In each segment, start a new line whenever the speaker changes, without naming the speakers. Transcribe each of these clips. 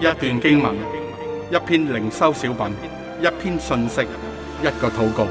一段經文，一篇靈修小品，一篇信息，一個禱告。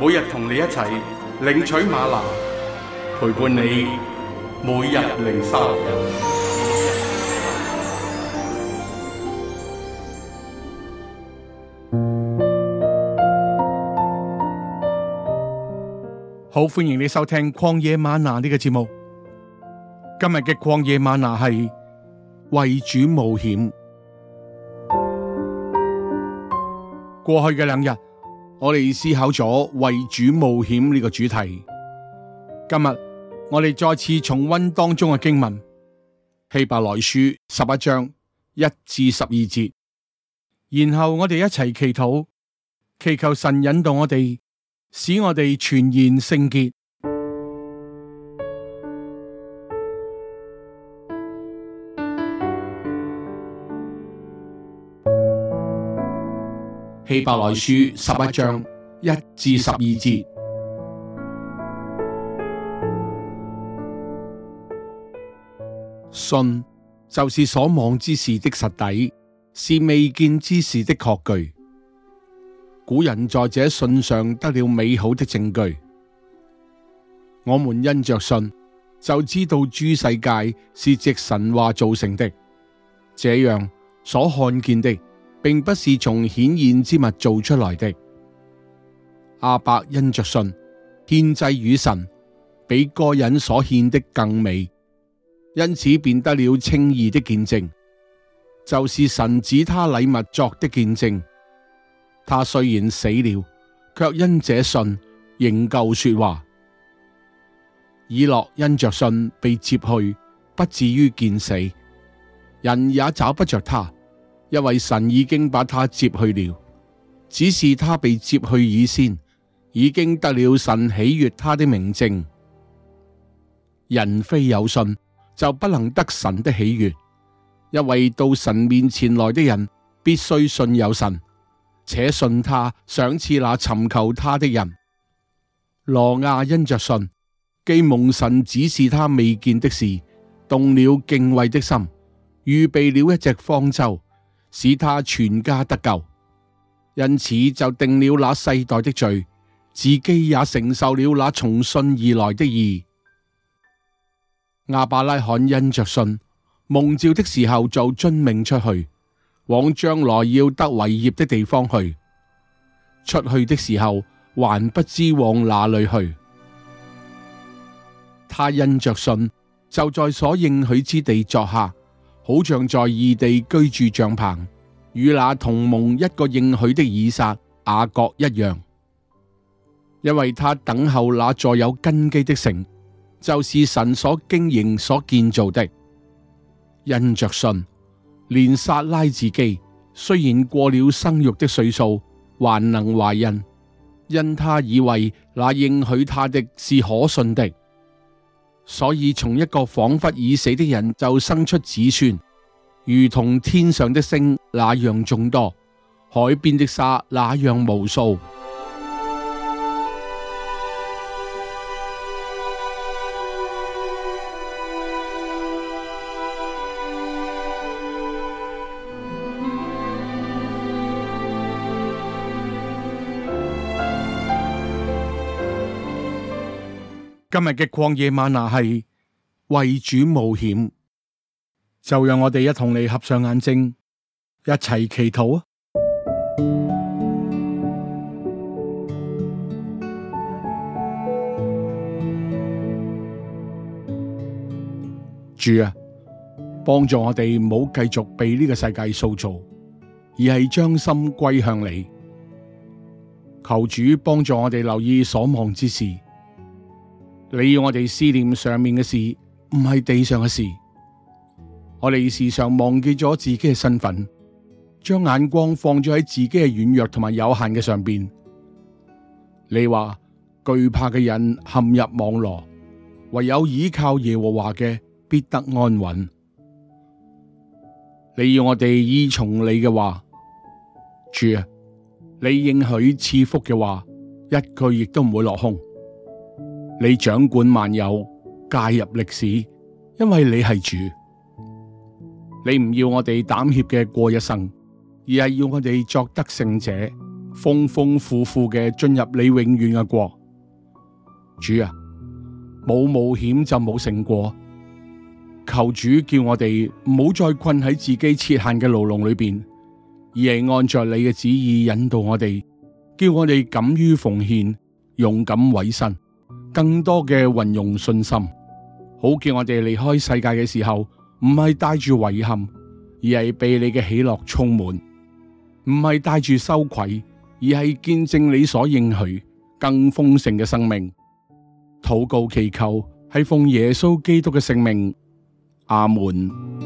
每日同你一齊領取嗎哪，陪伴你每日靈修。好，歡迎你收聽《曠野嗎哪》呢個節目。今日嘅《曠野嗎哪》係，為主冒險，過去嘅兩日，我哋思考咗為主冒險呢個主題。今日我哋再次重温當中嘅經文，希伯來書十一章一至十二節，然後我哋一齊祈禱，祈求神引導我哋，使我哋全然聖潔。希伯來書十一章一至十二節，信就是所望之事的實底，是未見之事的確據。古人在這信上得了美好的證據，我們因着信就知道諸世界是藉神話造成的，這樣所看見的。並不是從顯現之物做出來的。亞伯因着信獻祭與神，比該隱所獻的更美，因此便得了稱義的見證，就是神指他禮物作的見證。他雖然死了，卻因這信仍舊說話。以諾因着信被接去，不至於見死，人也找不着他。因為神已經把他接去了，只是他被接去以先，已經得了神喜悦他的明證。人非有信就不能得神的喜悦，因為到神面前來的人必須信有神，且信他賞賜那尋求他的人。挪亞因着信，既蒙神指示他未見的事，動了敬畏的心，預備了一隻方舟。使他全家得救，因此就定了那世代的罪，自己也承受了那從信而來的義。亞伯拉罕因着信，蒙召的時候就遵命出去，往將來要得為業的地方去。出去的時候還不知往哪裏去，他因着信，就在所應許之地作客。好像在異地居住帳篷，與那同蒙一個應許的以撒、雅各一樣，因為他等候那座有根基的城，就是神所經營、所建造的。因着信，連撒拉自己雖然過了生育的歲數，還能懷孕，因他以為那應許他的是可信的。所以從一個仿佛已死的人就生出子孫，如同天上的星那樣眾多，海邊的沙那樣無數。今日嘅曠野嗎哪，係為主冒險，就讓我哋一同你合上眼睛，一齊祈禱啊！主啊，幫助我哋唔好繼續被呢個世界塑造，而係將心歸向你。求主幫助我哋留意所望之事。你要我哋思念上面嘅事，唔係地上嘅事。我哋時常忘記咗自己嘅身份，將眼光放咗喺自己嘅軟弱同埋有限嘅上邊。你話懼怕嘅人陷入網羅，唯有倚靠耶和華嘅，必得安穩。你要我哋依從你嘅話，主啊，你應許賜福嘅話，一句亦都唔會落空。你掌管萬有，介入歷史，因為你係主。你唔要我哋膽怯嘅過一生，而係要我哋作得勝者，豐豐富富嘅進入你永遠嘅國。主啊，冇冒險就冇成果。求主叫我哋唔好再困喺自己設限嘅牢籠裏邊，而係按着你嘅旨意引導我哋，叫我哋敢於奉獻，勇敢委身。更多嘅運用信心，好叫我哋離開世界嘅時候，唔係帶住遺憾，而係被你嘅喜樂充滿；唔係帶住羞愧，而係見證你所應許更豐盛嘅生命。禱告祈求，係奉耶穌基督嘅聖名，阿門。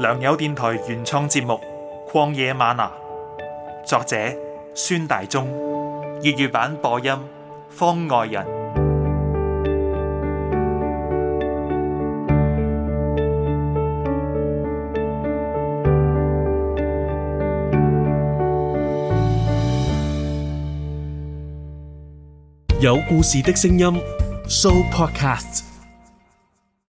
良友電台原創節目《曠野嗎哪》，作者孫大中，粵語版播音方外人，有故事的聲音，Show Podcast。